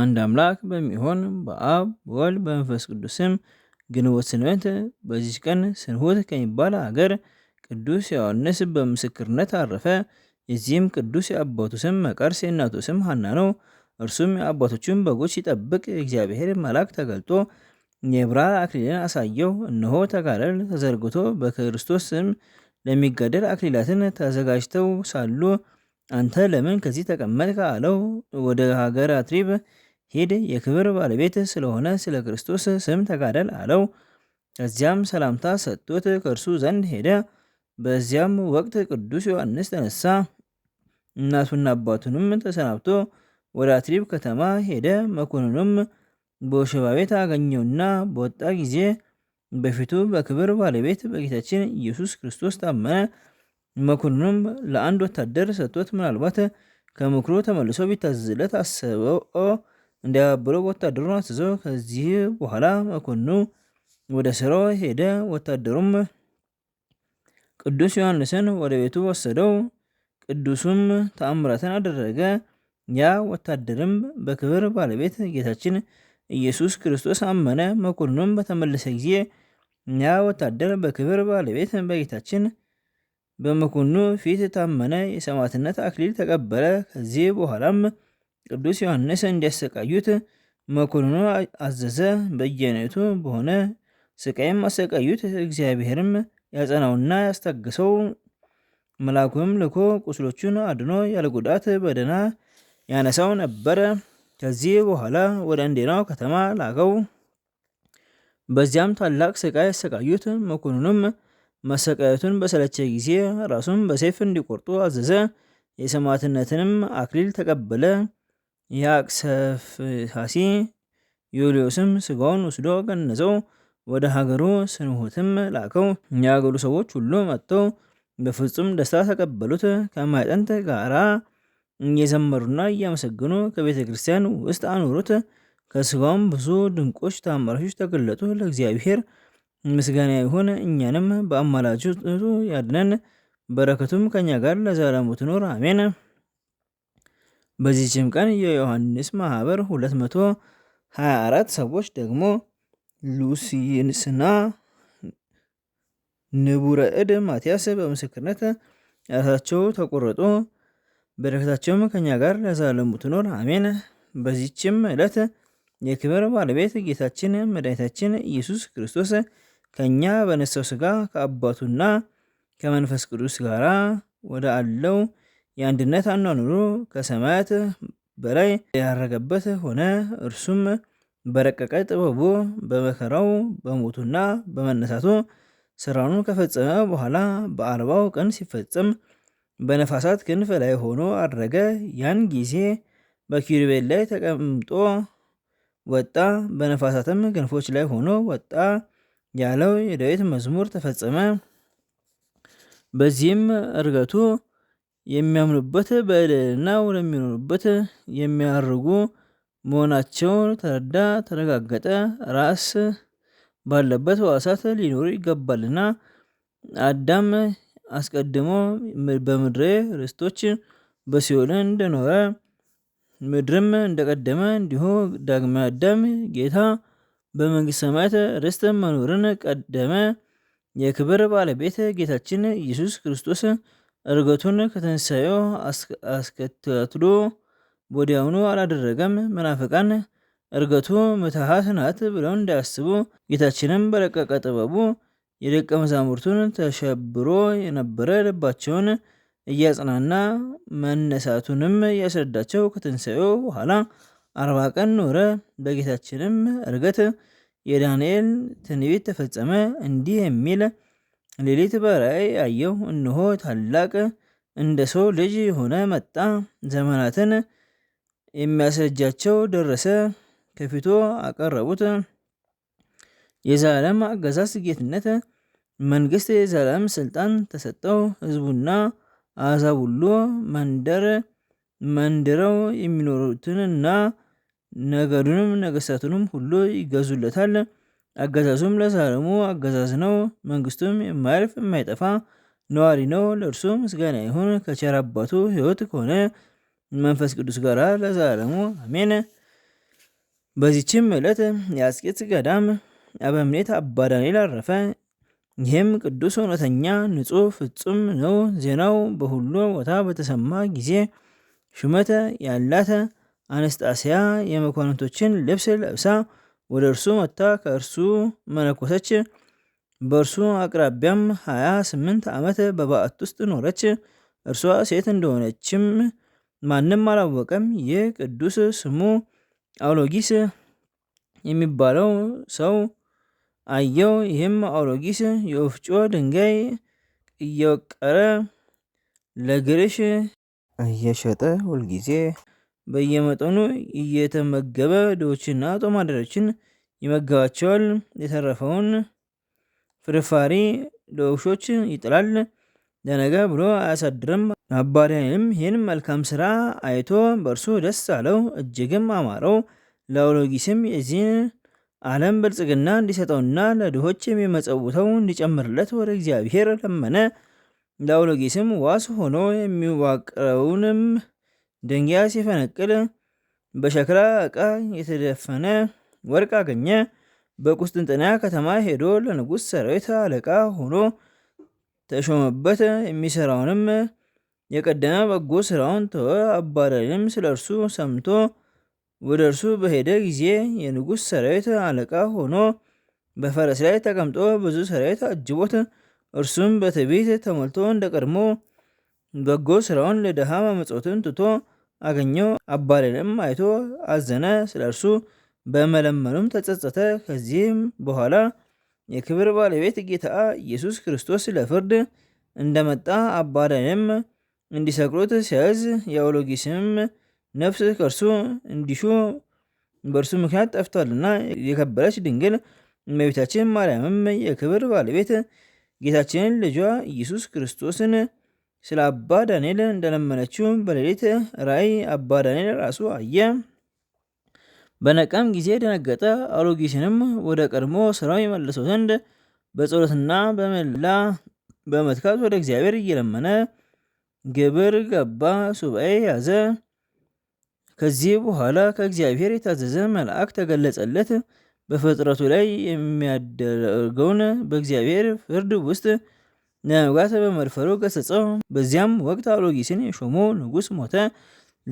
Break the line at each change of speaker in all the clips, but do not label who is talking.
አንድ አምላክ በሚሆን በአብ በወልድ በመንፈስ ቅዱስም ግንቦት ስምንት በዚች ቀን ስንሁት ከሚባል ሀገር ቅዱስ ዮሐንስ በምስክርነት አረፈ። የዚህም ቅዱስ የአባቱ ስም መቀርስ የእናቱ ስም ሐና ነው። እርሱም የአባቶቹን በጎች ሲጠብቅ የእግዚአብሔር መልአክ ተገልጦ የብርሃን አክሊልን አሳየው። እነሆ ተጋለል ተዘርግቶ በክርስቶስ ስም ለሚገደል አክሊላትን ተዘጋጅተው ሳሉ አንተ ለምን ከዚህ ተቀመጥከ? አለው። ወደ ሀገር አትሪብ ሂድ የክብር ባለቤት ስለሆነ ስለ ክርስቶስ ስም ተጋደል አለው። ከዚያም ሰላምታ ሰጥቶት ከእርሱ ዘንድ ሄደ። በዚያም ወቅት ቅዱስ ዮሐንስ ተነሳ፣ እናቱና አባቱንም ተሰናብቶ ወደ አትሪብ ከተማ ሄደ። መኮንኑም በወሸባ ቤት አገኘውና በወጣ ጊዜ በፊቱ በክብር ባለቤት በጌታችን ኢየሱስ ክርስቶስ ታመነ። መኮንኑም ለአንድ ወታደር ሰጥቶት ምናልባት ከምክሩ ተመልሶ ቢታዘዝለት አስበው እንዲያበለው ወታደሩን አስዞ ከዚህ በኋላ መኮንኑ ወደ ስራው ሄደ። ወታደሩም ቅዱስ ዮሐንስን ወደ ቤቱ ወሰደው። ቅዱሱም ተአምራትን አደረገ። ያ ወታደርም በክብር ባለቤት ጌታችን ኢየሱስ ክርስቶስ አመነ። መኮንኑም በተመለሰ ጊዜ ያ ወታደር በክብር ባለቤት በጌታችን በመኮንኑ ፊት ታመነ፣ የሰማዕትነት አክሊል ተቀበለ። ከዚህ በኋላም ቅዱስ ዮሐንስ እንዲያሰቃዩት መኮንኑ አዘዘ። በየአይነቱ በሆነ ስቃይም አሰቃዩት። እግዚአብሔርም ያጸናውና ያስታግሰው። መልአኩም ልኮ ቁስሎቹን አድኖ ያለ ጉዳት ያነሳው ነበር። ከዚህ በኋላ ወደ እንዴናው ከተማ ላከው። በዚያም ታላቅ ስቃይ ያሰቃዩት መኮንኑም መሰቃየቱን በሰለቸ ጊዜ ራሱን በሰይፍ እንዲቆርጡ አዘዘ። የሰማዕትነትንም አክሊል ተቀበለ። የአክሰፍሳሲ ዩልዮስም ስጋውን ወስዶ ቀነሰው፣ ወደ ሀገሩ ስንሁትም ላከው። የሀገሩ ሰዎች ሁሉ መጥተው በፍጹም ደስታ ተቀበሉት። ከማዕጠንት ጋራ እየዘመሩና እያመሰገኑ ከቤተ ክርስቲያን ውስጥ አኖሩት። ከስጋውም ብዙ ድንቆች ተአምራቶች ተገለጡ። ለእግዚአብሔር ምስጋና ይሁን፣ እኛንም በአማላጅነቱ ያድነን፣ በረከቱም ከኛ ጋር ለዘላለሙ ትኖር አሜን። በዚህችም ቀን የዮሐንስ ማህበር 224 ሰዎች ደግሞ ሉሲንስና እድ ማቲያስ በምስክርነት ራሳቸው ተቆረጡ። በረከታቸውም ከኛ ጋር ለዘላለሙ ትኖር አሜን። በዚችም ዕለት የክብር ባለቤት ጌታችን መድኃኒታችን ኢየሱስ ክርስቶስ ከእኛ በነሳው ስጋ ከአባቱና ከመንፈስ ቅዱስ ጋር ወደ አለው የአንድነት አኗኑሩ ከሰማያት በላይ ያረገበት ሆነ። እርሱም በረቀቀ ጥበቡ በመከራው በሞቱና በመነሳቱ ስራውን ከፈጸመ በኋላ በአርባው ቀን ሲፈጸም በነፋሳት ክንፍ ላይ ሆኖ አድረገ። ያን ጊዜ በኪሩቤል ላይ ተቀምጦ ወጣ፣ በነፋሳትም ክንፎች ላይ ሆኖ ወጣ ያለው የዳዊት መዝሙር ተፈጸመ። በዚህም እርገቱ የሚያምኑበት በእልህና ወደሚኖሩበት የሚያርጉ መሆናቸውን ተረዳ፣ ተረጋገጠ። ራስ ባለበት ሕዋሳት ሊኖሩ ይገባልና አዳም አስቀድሞ በምድሬ ርስቶች በሲኦል እንደኖረ ምድርም እንደቀደመ እንዲሁ ዳግመ አዳም ጌታ በመንግሥተ ሰማያት ርስት መኖርን ቀደመ። የክብር ባለቤት ጌታችን ኢየሱስ ክርስቶስ እርገቱን ከትንሣኤው አስከታትሎ ወዲያውኑ አላደረገም። መናፍቃን እርገቱ ምትሃት ናት ብለው እንዳያስቡ ጌታችንም በረቀቀ ጥበቡ የደቀ መዛሙርቱን ተሸብሮ የነበረ ልባቸውን እያጽናና መነሳቱንም እያስረዳቸው ከትንሣኤው በኋላ አርባ ቀን ኖረ። በጌታችንም እርገት የዳንኤል ትንቢት ተፈጸመ እንዲህ የሚል ሌሊት በራእይ አየሁ፣ እነሆ ታላቅ እንደ ሰው ልጅ የሆነ መጣ፣ ዘመናትን የሚያስረጃቸው ደረሰ። ከፊቱ አቀረቡት የዘላለም አገዛዝ ጌትነት መንግስት፣ የዘላለም ስልጣን ተሰጠው። ህዝቡና አሕዛብ ሁሉ መንደር መንድረው የሚኖሩትንና ነገዱንም ነገስታቱንም ሁሉ ይገዙለታል። አገዛዙም ለዘላለሙ አገዛዝ ነው፣ መንግስቱም የማያልፍ የማይጠፋ ነዋሪ ነው። ለእርሱ ምስጋና ይሁን ከቸር አባቱ ሕይወት ከሆነ መንፈስ ቅዱስ ጋር ለዘላለሙ አሜን። በዚችም ዕለት የአስቄት ገዳም አበምኔት አባ ዳንኤል አረፈ። ይህም ቅዱስ እውነተኛ ንጹሕ ፍጹም ነው። ዜናው በሁሉ ቦታ በተሰማ ጊዜ ሹመተ ያላት አነስጣስያ የመኳንንቶችን ልብስ ለብሳ ወደ እርሱ መጥታ ከእርሱ መነኮሰች። በእርሱ አቅራቢያም 28 ዓመት በባዕት ውስጥ ኖረች። እርሷ ሴት እንደሆነችም ማንም አላወቀም። ይህ ቅዱስ ስሙ አውሎጊስ የሚባለው ሰው አየው። ይህም አውሎጊስ የወፍጮ ድንጋይ እየወቀረ ለግርሽ
እየሸጠ ሁልጊዜ
በየመጠኑ እየተመገበ ድሆችና ጦማደሮችን ይመግባቸዋል። የተረፈውን ፍርፋሪ ለውሾች ይጥላል፣ ለነገ ብሎ አያሳድርም። አባሪያንም ይህን መልካም ስራ አይቶ በእርሱ ደስ አለው፣ እጅግም አማረው። ለአውሎጊስም የዚህን ዓለም ብልጽግና እንዲሰጠውና ለድሆች የሚመጸውተው እንዲጨምርለት ወደ እግዚአብሔር ለመነ። ለአውሎጊስም ዋስ ሆኖ የሚዋቅረውንም ድንጋይ ሲፈነቅል በሸክላ ዕቃ የተደፈነ ወርቅ አገኘ። በቁስጥንጥንያ ከተማ ሄዶ ለንጉሥ ሰራዊት አለቃ ሆኖ ተሾመበት። የሚሰራውንም የቀደመ በጎ ስራውን ተወ። አባዳሪም ስለ እርሱ ሰምቶ ወደ እርሱ በሄደ ጊዜ የንጉሥ ሰራዊት አለቃ ሆኖ በፈረስ ላይ ተቀምጦ ብዙ ሰራዊት አጅቦት፣ እርሱም በትዕቢት ተሞልቶ እንደ ቀድሞ በጎ ስራውን ለድሃ መመጾትን ትቶ አገኘው። አባሌንም አይቶ አዘነ፣ ስለ እርሱ በመለመኑም ተጸጸተ። ከዚህም በኋላ የክብር ባለቤት ጌታ ኢየሱስ ክርስቶስ ለፍርድ እንደመጣ አባሌንም እንዲሰቅሉት ሲያዝ የአውሎጊስም ነፍስ ከእርሱ እንዲሹ በእርሱ ምክንያት ጠፍቷልና የከበረች ድንግል እመቤታችን ማርያምም የክብር ባለቤት ጌታችንን ልጇ ኢየሱስ ክርስቶስን ስለ አባ ዳንኤል እንደለመነችው በሌሊት ራእይ አባ ዳንኤል ራሱ አየ። በነቀም ጊዜ ደነገጠ። አሎጊስንም ወደ ቀድሞ ስራው የመለሰው ዘንድ በጸሎትና በመላ በመትካት ወደ እግዚአብሔር እየለመነ ግብር ገባ፣ ሱባኤ ያዘ። ከዚህ በኋላ ከእግዚአብሔር የታዘዘ መልአክ ተገለጸለት። በፍጥረቱ ላይ የሚያደርገውን በእግዚአብሔር ፍርድ ውስጥ ለመውጋት በመድፈሩ ገሰጸው። በዚያም ወቅት አውሎጊስን የሾመው ንጉስ ሞተ።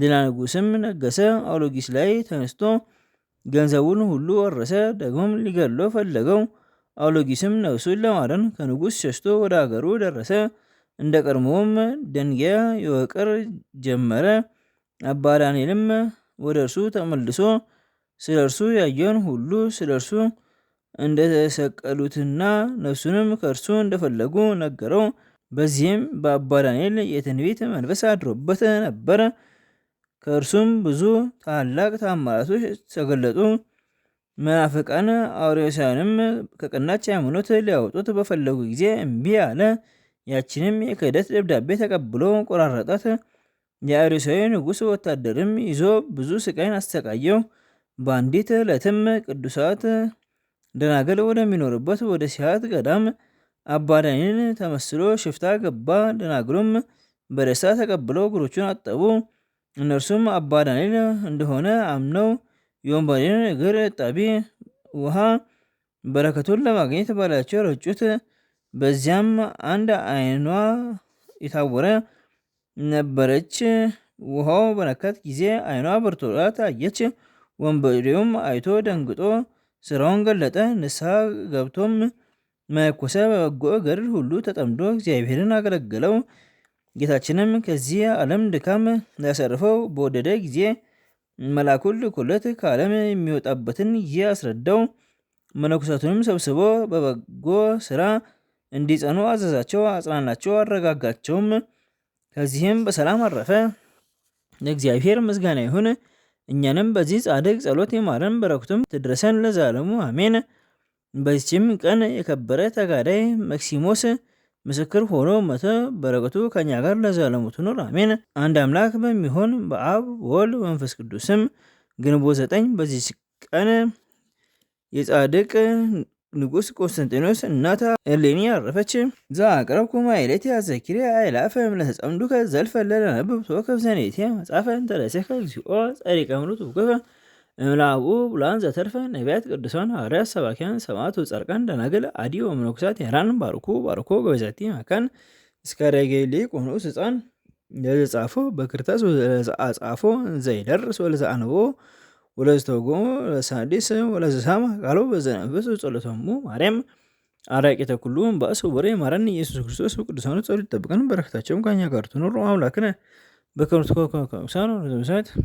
ሌላ ንጉስም ነገሰ። አውሎጊስ ላይ ተነስቶ ገንዘቡን ሁሉ ወረሰ። ደግሞም ሊገሎ ፈለገው። አውሎጊስም ነፍሱን ለማዳን ከንጉስ ሸሽቶ ወደ አገሩ ደረሰ። እንደ ቀድሞውም ደንጊያ የወቅር ጀመረ። አባ ዳንኤልም ወደ እርሱ ተመልሶ ስለ እርሱ ያየውን ሁሉ ስለ እርሱ እንደሰቀሉትና ነፍሱንም ከእርሱ እንደፈለጉ ነገረው። በዚህም በአባ ዳንኤል የትንቢት መንፈስ አድሮበት ነበረ። ከእርሱም ብዙ ታላቅ ታማራቶች ተገለጡ። መናፍቃን አውሬሳውያንም ከቀናች ሃይማኖት ሊያወጡት በፈለጉ ጊዜ እምቢ አለ። ያችንም የክህደት ደብዳቤ ተቀብሎ ቆራረጣት። የአውሬሳዊ ንጉሥ ወታደርም ይዞ ብዙ ስቃይን አሰቃየው። በአንዲት ዕለትም ቅዱሳት ደናግል ወደሚኖርበት ወደ ሲያት ገዳም አባዳኒን ተመስሎ ሽፍታ ገባ። ደናግሉም በደስታ ተቀብለው እግሮቹን አጠቡ። እነርሱም አባዳኒል እንደሆነ አምነው የወንበዴን እግር እጣቢ ውሃ በረከቱን ለማግኘት ባላቸው ረጩት። በዚያም አንድ አይኗ የታወረ ነበረች። ውሃው በነካት ጊዜ አይኗ በርቶላት አየች። ወንበዴውም አይቶ ደንግጦ ስራውን ገለጠ። ንስሐ ገብቶም መነኮሰ። በበጎ ነገር ሁሉ ተጠምዶ እግዚአብሔርን አገለገለው። ጌታችንም ከዚህ ዓለም ድካም ያሰርፈው በወደደ ጊዜ መላኩን ልኮለት ከዓለም የሚወጣበትን ይህ አስረዳው። መነኮሳቱንም ሰብስቦ በበጎ ስራ እንዲጸኑ አዘዛቸው፣ አጽናናቸው፣ አረጋጋቸውም። ከዚህም በሰላም አረፈ። ለእግዚአብሔር ምስጋና ይሁን። እኛንም በዚህ ጻድቅ ጸሎት ይማረን፣ በረከቱም ትድረሰን ለዛለሙ አሜን። በዚችም ቀን የከበረ ተጋዳይ መክሲሞስ ምስክር ሆኖ መተ በረከቱ ከኛ ጋር ለዛለሙ ትኑር አሜን። አንድ አምላክ በሚሆን በአብ ወል መንፈስ ቅዱስም ግንቦት ዘጠኝ በዚች ቀን የጻድቅ ንጉስ ቆስጠንጢኖስ እናታ እሌኒ አረፈች። ዘአቅረብኩማ ኢሌትያ ዘኪርያ አይላፈም ለተጸምዱከ ዘልፈለ ለነብብ ተወከፍ ዘኔትያ መጽሐፈን ተለሴከ እግዚኦ ጸሪቀ ምሉት ውገፈ እምላኡ ብላን ዘተርፈ ነቢያት ቅዱሳን ሐዋርያት ሰባኪያን ሰማዕቱ ጻድቃን ደናግል አዲ ወመነኮሳት ሄራን ባርኩ ባርኮ ገበዛቲ መካን እስከ ረጌሊ ቆኑስ ህፃን ለዘጻፎ በክርታስ ወለዘአጻፎ ዘይደርስ ወለዘአንቦ ወለዘተርጐሞ ለሳድስ ወለዘሳማ ቃሎ በዘመንፈስ ጸሎቶሙ ማርያም አራቂ ተኩሉ በእሱ ወሬ ማረን ኢየሱስ ክርስቶስ። ቅዱሳኑ ጸሎት ይጠብቀን፣ በረከታቸውም ከእኛ ጋር ትኖሩ አምላክነ በከምትኮ በከርቱ ኮሳኖ